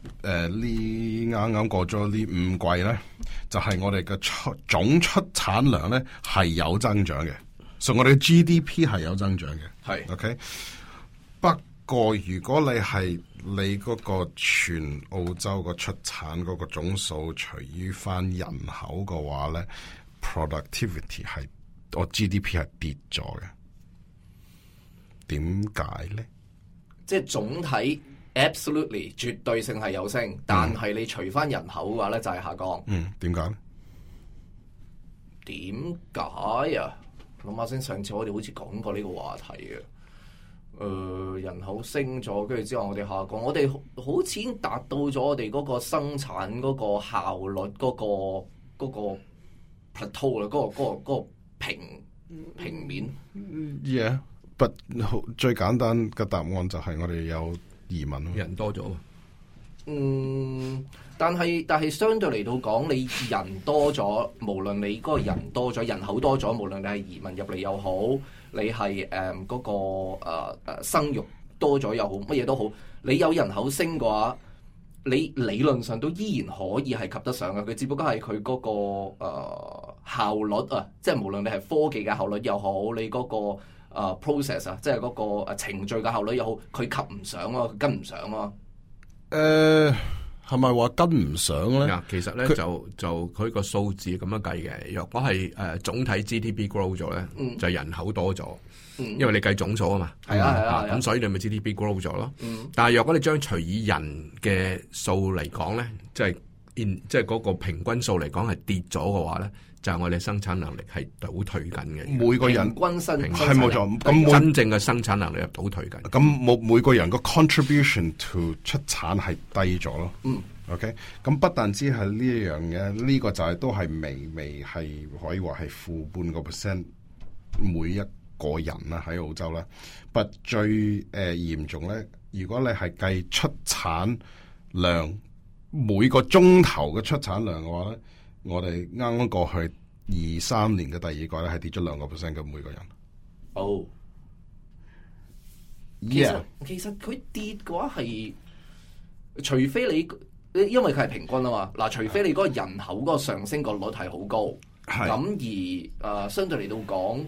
誒、呃，呢啱啱過咗呢五季咧，就係、是、我哋嘅出總出產量咧係有增長嘅，所以我哋嘅 GDP 係有增長嘅，係 OK。不過如果你係你嗰個全澳洲個出產嗰個總數，除於翻人口嘅話咧，Productivity 係我 GDP 係跌咗嘅，點解咧？即係總體。Absolutely，絕對性係有升，但係你除翻人口嘅話咧就係下降。嗯，點解咧？點解啊？諗下先，上次我哋好似講過呢個話題嘅。誒、呃，人口升咗，跟住之後我哋下降，我哋好似已經達到咗我哋嗰個生產嗰個效率嗰、嗰個、嗰個、嗰個、嗰個、嗰個嗰個嗰個嗰個平平面。yeah，不，最簡單嘅答案就係我哋有。移民人多咗。嗯，但係但係相對嚟到講，你人多咗，無論你嗰個人多咗，人口多咗，無論你係移民入嚟又好，你係誒嗰個誒誒、呃、生育多咗又好，乜嘢都好，你有人口升嘅話，你理論上都依然可以係及得上噶。佢只不過係佢嗰個誒、呃、效率啊、呃，即係無論你係科技嘅效率又好，你嗰、嗰個。啊、uh，process 啊，即係嗰個程序嘅效率又好，佢及唔上咯，跟唔上咯、啊。誒、呃，係咪話跟唔上咧？其實咧就就佢個數字咁樣計嘅。若果係誒、呃、總體 GDP grow 咗咧、嗯，就係人口多咗、嗯，因為你計總數啊嘛。係、嗯、啊，咁、啊啊啊啊、所以你咪 GDP grow 咗咯。嗯、但係若果你將除以人嘅數嚟講咧，即係即係嗰個平均數嚟講係跌咗嘅話咧。就是、我哋生產能力係倒退緊嘅，每個人均身產係冇錯，咁真正嘅生產能力係倒退緊。咁每每個人個 contribution to 出產係低咗咯。嗯，OK。咁不但之係呢樣嘢，呢、這個就係都係微微係可以話係負半個 percent 每一個人啦，喺澳洲啦。不最誒嚴重咧，如果你係計出產量、嗯、每個鐘頭嘅出產量嘅話咧。我哋啱啱過去二三年嘅第二季咧，係跌咗兩個 percent 嘅每個人。哦、oh. yeah.，其實其實佢跌嘅話係，除非你，因為佢係平均啊嘛。嗱，除非你嗰個人口嗰個上升個率係好高，咁而誒、呃、相對嚟到講，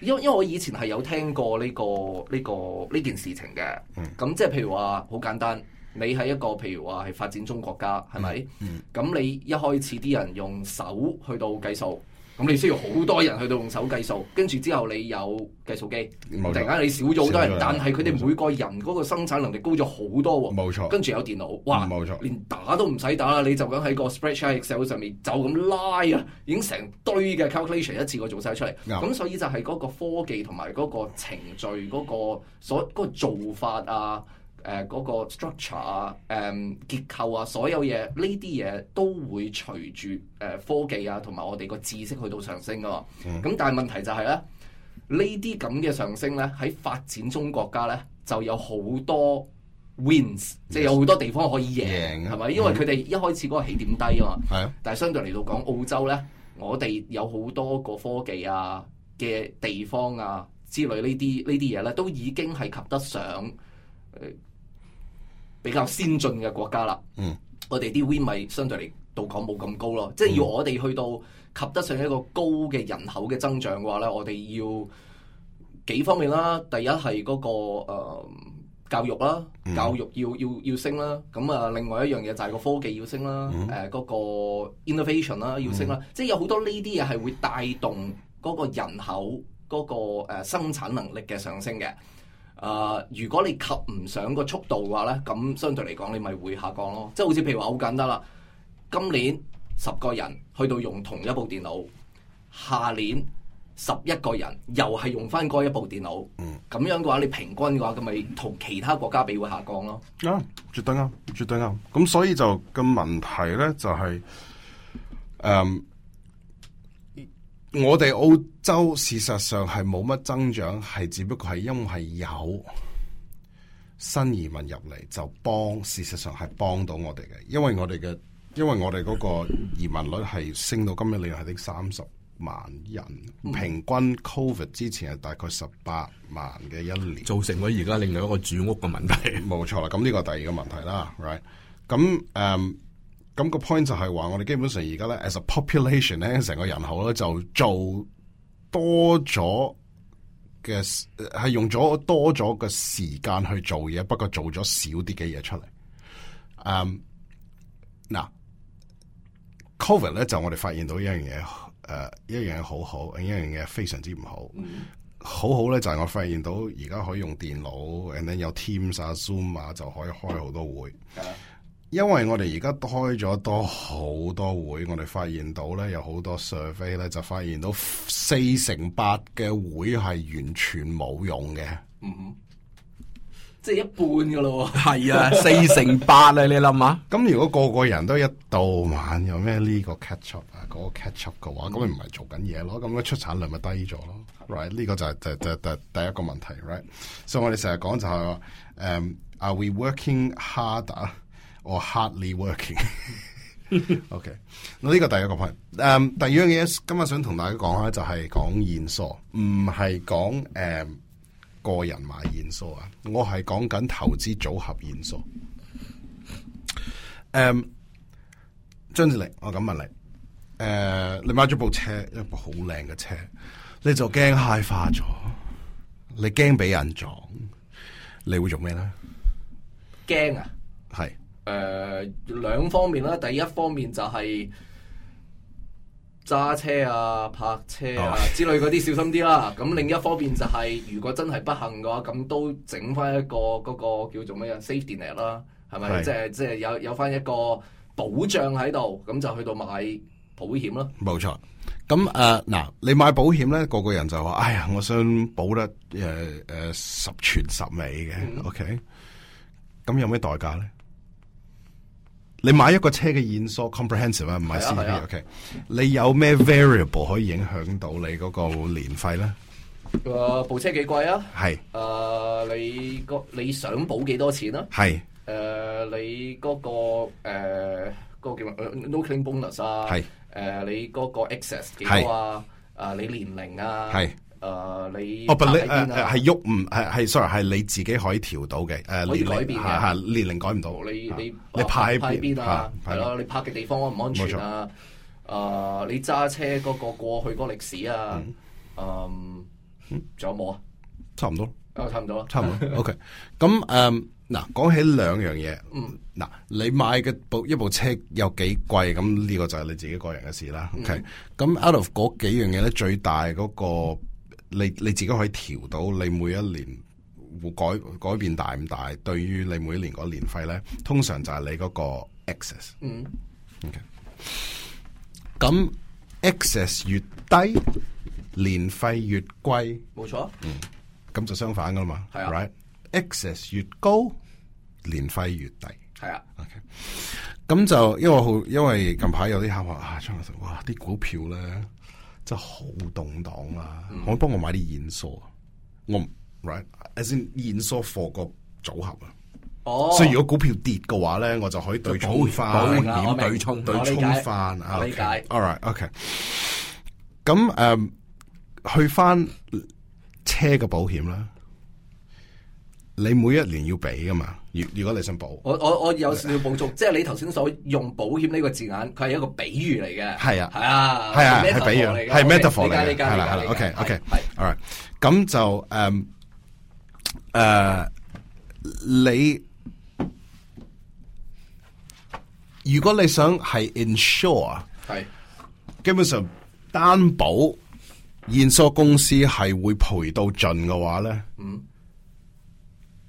因為因為我以前係有聽過呢個呢個呢件事情嘅。嗯，咁即係譬如話，好簡單。你係一個譬如話係發展中國家，係、嗯、咪？咁、嗯、你一開始啲人用手去到計數，咁你需要好多人去到用手計數，跟住之後你有計數機，突然間你少咗好多人，人但係佢哋每個人嗰個生產能力高咗好多喎。冇錯，跟住有電腦，哇，冇錯，連打都唔使打啦，你就咁喺個 spreadsheet Excel 上面就咁拉啊，已經成堆嘅 calculation 一次過做晒出嚟。咁所以就係嗰個科技同埋嗰個程序嗰、嗰個所、嗰個、做法啊。誒、呃、嗰、那個 structure 啊、嗯、誒結構啊，所有嘢呢啲嘢都會隨住誒、呃、科技啊，同埋我哋個知識去到上升噶嘛。咁、嗯、但係問題就係、是、咧，呢啲咁嘅上升咧，喺發展中國家咧就有好多 wins，yes. 即係有好多地方可以贏，係咪？因為佢哋一開始嗰個起點低啊嘛。係、嗯、啊。但係相對嚟到講澳洲咧，我哋有好多個科技啊嘅地方啊之類呢啲呢啲嘢咧，都已經係及得上。呃比較先進嘅國家啦，嗯，我哋啲 win 咪相對嚟到講冇咁高咯、嗯，即係要我哋去到及得上一個高嘅人口嘅增長嘅話咧，我哋要幾方面啦，第一係嗰、那個、呃、教育啦，嗯、教育要要要升啦，咁啊另外一樣嘢就係個科技要升啦，誒、嗯、嗰、呃那個 innovation 啦要升啦，嗯、即係有好多呢啲嘢係會帶動嗰個人口嗰、那個、呃、生產能力嘅上升嘅。誒、uh，如果你及唔上個速度嘅話呢，咁相對嚟講你咪會下降咯。即係好似譬如話好簡單啦，今年十個人去到用同一部電腦，下年十一個人又係用翻嗰一部電腦，咁、嗯、樣嘅話你平均嘅話，咁咪同其他國家比會下降咯。啱、啊，絕對啱，絕對啱。咁所以就個問題呢，就係、是 um, 我哋澳洲事實上係冇乜增長，係只不過係因為有新移民入嚟就幫，事實上係幫到我哋嘅，因為我哋嘅，因為我哋嗰個移民率係升到今日你係得三十萬人，平均 Covid 之前係大概十八萬嘅一年，造成咗而家另外一個住屋嘅問題。冇錯啦，咁呢個係第二個問題啦，right？咁誒。Um, 咁、個 point 就係話，我哋基本上而家咧，as a population 咧，成個人口咧就做多咗嘅，係用咗多咗嘅時間去做嘢，不過做咗少啲嘅嘢出嚟。嗯、um,，嗱，COVID 咧就我哋發現到一樣嘢，uh, 一樣嘢好好，一樣嘢非常之唔好。Mm-hmm. 好好咧就係我發現到而家可以用電腦，and then 有 Teams 啊、uh,、Zoom 啊、uh, 就可以開好多會。Yeah. 因為我哋而家開咗多好多會，我哋發現到咧有好多 survey 咧，就發現到四成八嘅會係完全冇用嘅，嗯，即係一半噶咯喎。係啊，四 成八啊，你諗下。咁如果個個人都一到晚有咩呢個 catch up 啊，嗰個 catch up 嘅話，咁你唔係做緊嘢咯，咁嘅出產量咪低咗咯。Right，呢個就係第第第第一個問題。Right，所以我哋成日講就係話，誒，Are we working harder？我 hardly working，OK。我呢個第一個朋友，誒，第二樣嘢，今日想同大家講下就係講現數，唔係講誒個人買現數啊，我係講緊投資組合現數。誒，張志玲，我咁問你，誒，你買咗部車，一部好靚嘅車，你就驚 high 化咗，你驚俾人撞，你會做咩咧？驚啊，係。 誒、呃，兩方面啦。第一方面就係揸車啊、泊車啊、oh. 之類嗰啲小心啲啦。咁另一方面就係、是、如果真係不幸嘅話，咁都整翻一個嗰、那個叫做咩呀 safety net 啦，係咪？即係即係有有翻一個保障喺度，咁就去到買保險啦。冇錯。咁誒，嗱、呃，你買保險咧，個個人就話：哎呀，我想保得誒誒、呃呃、十全十美嘅、嗯。OK，咁有咩代價咧？你買一個車嘅險鎖 comprehensive 是 CB，是啊，唔係 C P O K。Okay. 你有咩 variable 可以影響到你嗰個年費咧？啊、uh,，部車幾貴啊？係。啊、uh,，你個你想保幾多錢啊？係。誒、uh, 那個，你、uh, 嗰個誒個幾 m no claim bonus 啊？係。誒、uh,，你嗰個 excess 幾多啊？啊，uh, 你年齡啊？係。誒、uh,，你哦你誒係喐唔係係，sorry 係你自己可以調到嘅誒，年齡係係年齡改唔到，你你你拍喺邊啊？係咯，你拍嘅、uh yeah, 地方安唔安全啊？誒，你、uh, 揸車嗰個過去嗰個歷史啊？Mm -hmm. um, 嗯，仲有冇啊？差唔多，uh, 差唔多啦，差唔多。 OK，咁誒嗱，講、um, 起兩樣嘢，嗱、mm -hmm.，你買嘅部一部車有幾貴？咁呢個就係你自己個人嘅事啦。OK，咁、mm -hmm. out of 嗰幾樣嘢咧，最大嗰、那個。你你自己可以調到你每一年改改變大唔大？對於你每一年個年費咧，通常就係你嗰個 excess。嗯。OK。咁 excess 越低，年費越貴。冇錯。嗯。咁就相反噶啦嘛。係啊。Right。excess 越高，年費越低。係啊。OK。咁就因為好，因為近排有啲客話啊，張生，哇啲股票咧～好動盪啊，嗯，可以幫我買啲現數啊？我唔，right，誒，先現數貨個組合啊。哦，所以如果股票跌嘅話咧，我就可以對沖翻保險，對沖對沖翻啊。理解，okay.，all right，ok、okay.。咁、um, 誒，去翻車嘅保險啦。你每一年要俾噶嘛？如如果你想保，我我我有少少補足， 即係你頭先所用保險呢個字眼，佢係一個比喻嚟嘅。係啊，係啊，係、okay, 啊，係比喻嚟嘅，係 metaphor 嚟嘅，係啦，係啦、啊啊、，OK，OK，、okay, okay, 係、啊、，All right，咁就誒誒、um, uh, 啊，你如果你想係 insure 係、啊，基本上擔保，驗所公司係會賠到盡嘅話咧，嗯。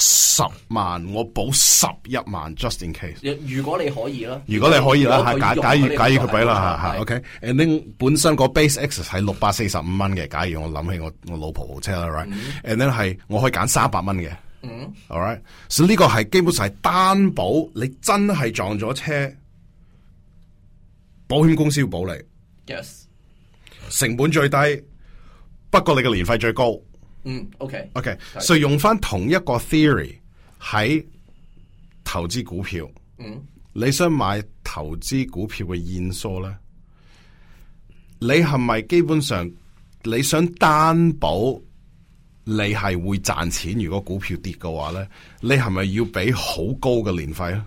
十萬我補十一萬，just in case 如。如果你可以啦，如果你可以啦，假假如假如佢俾啦吓，吓，OK。and then 本身個 base excess 係六百四十五蚊嘅，假如我諗起我我老婆部車啦，right、嗯。and then 係我可以揀三百蚊嘅，all right。所以呢個係基本上係擔保，你真係撞咗車，保險公司要保你。Yes。成本最低，不過你嘅年費最高。嗯，OK，OK，所以用翻同一個 theory 喺投資股票，嗯、mm.，你想買投資股票嘅現數咧，你係咪基本上你想擔保你係會賺錢？如果股票跌嘅話咧，你係咪要俾好高嘅年費啊？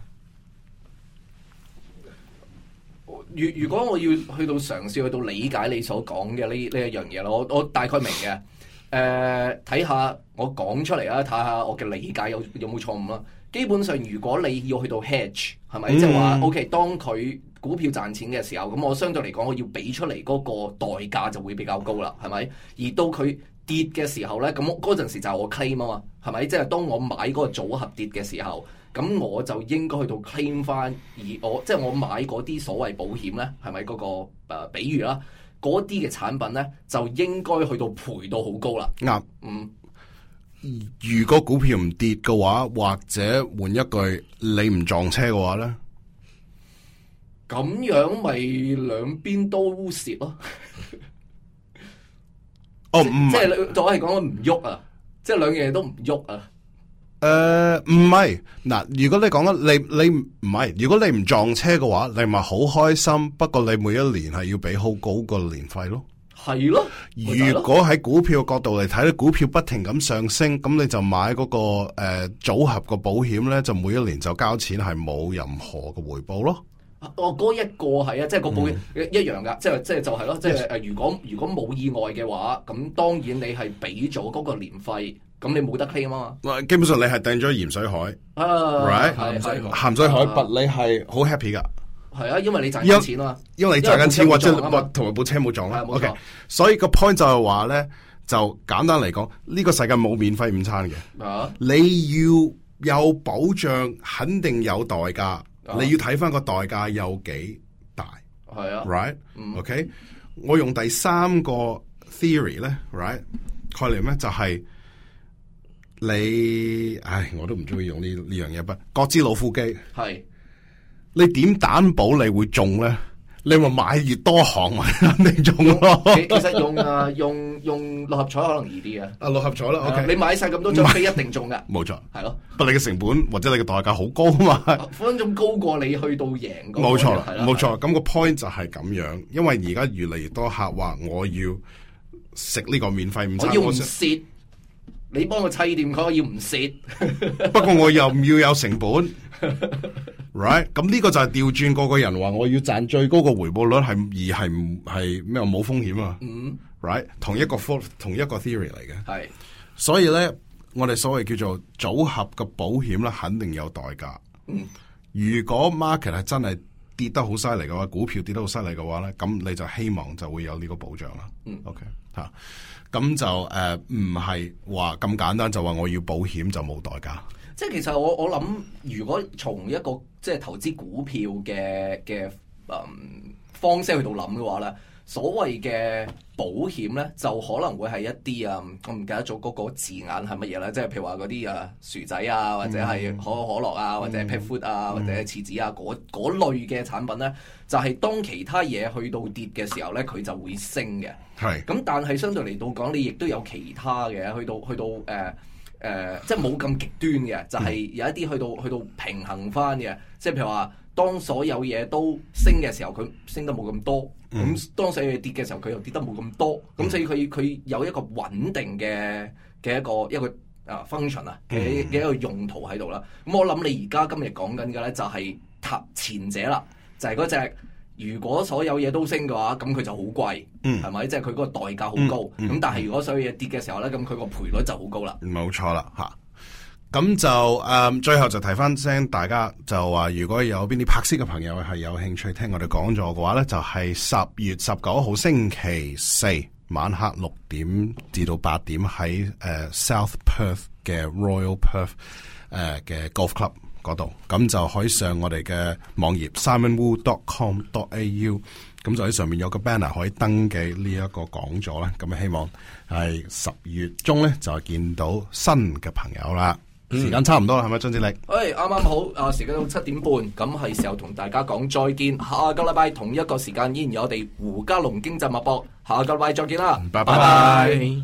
如如果我要去到嘗試去到理解你所講嘅呢呢一樣嘢咯，我我大概明嘅。 誒睇下我講出嚟啦，睇下我嘅理解有有冇錯誤啦。基本上如果你要去到 hedge，係咪、嗯、即係話 OK？當佢股票賺錢嘅時候，咁我相對嚟講，我要俾出嚟嗰個代價就會比較高啦，係咪？而到佢跌嘅時候呢，咁嗰陣時就係我 claim 啊嘛，係咪？即係當我買嗰個組合跌嘅時候，咁我就應該去到 claim 翻，而我即係我買嗰啲所謂保險呢，係咪嗰個、呃、比如啦。嗰啲嘅產品咧，就應該去到賠到好高啦。啊，嗯，如果股票唔跌嘅話，或者換一句，你唔撞車嘅話咧，咁樣咪兩邊都蝕咯。 哦，唔即係我係講緊唔喐啊，即係兩樣嘢都唔喐啊。誒、呃，唔係嗱，如果你講咧，你你唔係，如果你唔撞車嘅話，你咪好開心。不過你每一年係要俾好高個年費咯，係咯。如果喺股票嘅角度嚟睇咧，股票不停咁上升，咁你就買嗰、那個誒、呃、組合個保險咧，就每一年就交錢，係冇任何嘅回報咯。我、啊、嗰、啊、一個係啊，即係個保險、嗯、一樣噶，即係即係就係、是、咯，即係誒，如果如果冇意外嘅話，咁當然你係俾咗嗰個年費。咁你冇得批啊嘛？基本上你係掟咗鹽水海啊，right？鹽水海，鹽、uh, right? 水海，撥、uh, 你係好 happy 噶，係啊，因為你賺緊錢啊，因為，因為你賺緊錢，錢，或者或同埋部車冇撞啦、啊、，ok。所以個 point 就係話咧，就簡單嚟講，呢、這個世界冇免費午餐嘅，uh, 你要有保障，肯定有代價，uh, 你要睇翻個代價有幾大，係、uh, 啊，right？ok、okay? 嗯。我用第三個 theory 咧，right？概念咧就係、是。你唉，我都唔中意用呢呢樣嘢，不各之老夫機係。你點擔保你會中咧？你咪買越多行咪肯定中咯。其實用啊 用用六合彩可能易啲啊。啊六合彩啦、okay，你買晒咁多就非一定中噶。冇錯，係咯。不你嘅成本或者你嘅代價好高啊嘛。分分鐘高過你去到贏，冇錯啦，冇錯。咁個 point 就係咁樣，因為而家越嚟越多客話我要食呢個免費，唔要唔蝕，你幫我砌掂佢，要唔蝕？ 不過我又唔要有成本 ，right？咁呢個就係調轉，個個人話，我要賺最高個回報率，係而係唔係咩冇風險啊？嗯、mm.，right？同一個科同一個 theory 嚟嘅，係。所以咧，我哋所謂叫做組合嘅保險咧，肯定有代價。Mm. 如果 market 係真係跌得好犀利嘅話，股票跌得好犀利嘅話咧，咁你就希望就會有呢個保障啦。OK 吓。咁就誒唔係話咁簡單，就話我要保險就冇代價。即係其實我我諗，如果從一個即係投資股票嘅嘅誒方式去到諗嘅話咧。所謂嘅保險呢，就可能會係一啲啊、嗯，我唔記得咗嗰個字眼係乜嘢啦。即係譬如話嗰啲啊薯仔啊，或者係可口可樂啊，嗯、或者 pet food 啊，嗯、或者廁紙啊，嗰、嗯、類嘅產品呢，就係、是、當其他嘢去到跌嘅時候呢，佢就會升嘅。係。咁但係相對嚟到講，你亦都有其他嘅，去到去到誒誒、呃，即係冇咁極端嘅，就係、是、有一啲去到、嗯、去到平衡翻嘅，即係譬如話。.當所有嘢都升嘅時候，佢升得冇咁多；咁、嗯、當所有嘢跌嘅時候，佢又跌得冇咁多。咁、嗯、所以佢佢有一個穩定嘅嘅一個一個啊、uh, function 啊嘅、嗯、一個用途喺度啦。咁我諗你而家今日講緊嘅咧就係「塔」前者啦，就係嗰隻如果所有嘢都升嘅話，咁佢就好貴，係、嗯、咪？即係佢嗰個代價好高。咁、嗯嗯、但係如果所有嘢跌嘅時候咧，咁佢個賠率就好高啦。冇錯啦，吓。咁就誒，um, 最後就提返聲大家，就話如果有邊啲拍攝嘅朋友係有興趣聽我哋講座嘅話咧，就係、是、十月十九號星期四晚黑六點至到八點喺誒 South Perth 嘅 Royal Perth 誒嘅 Golf Club 嗰度，咁就可以上我哋嘅網頁 SimonWool.com.au，咁就喺上面有個 banner 可以登記呢一個講座啦。咁希望係十月中咧就見到新嘅朋友啦。嗯、時間差唔多啦，係咪張志力？誒，啱啱好，啊時間到七點半，咁係時候同大家講再見。下個禮拜同一個時間，依然有我哋胡嘉龍經濟脈搏，下個禮拜再見啦，拜拜。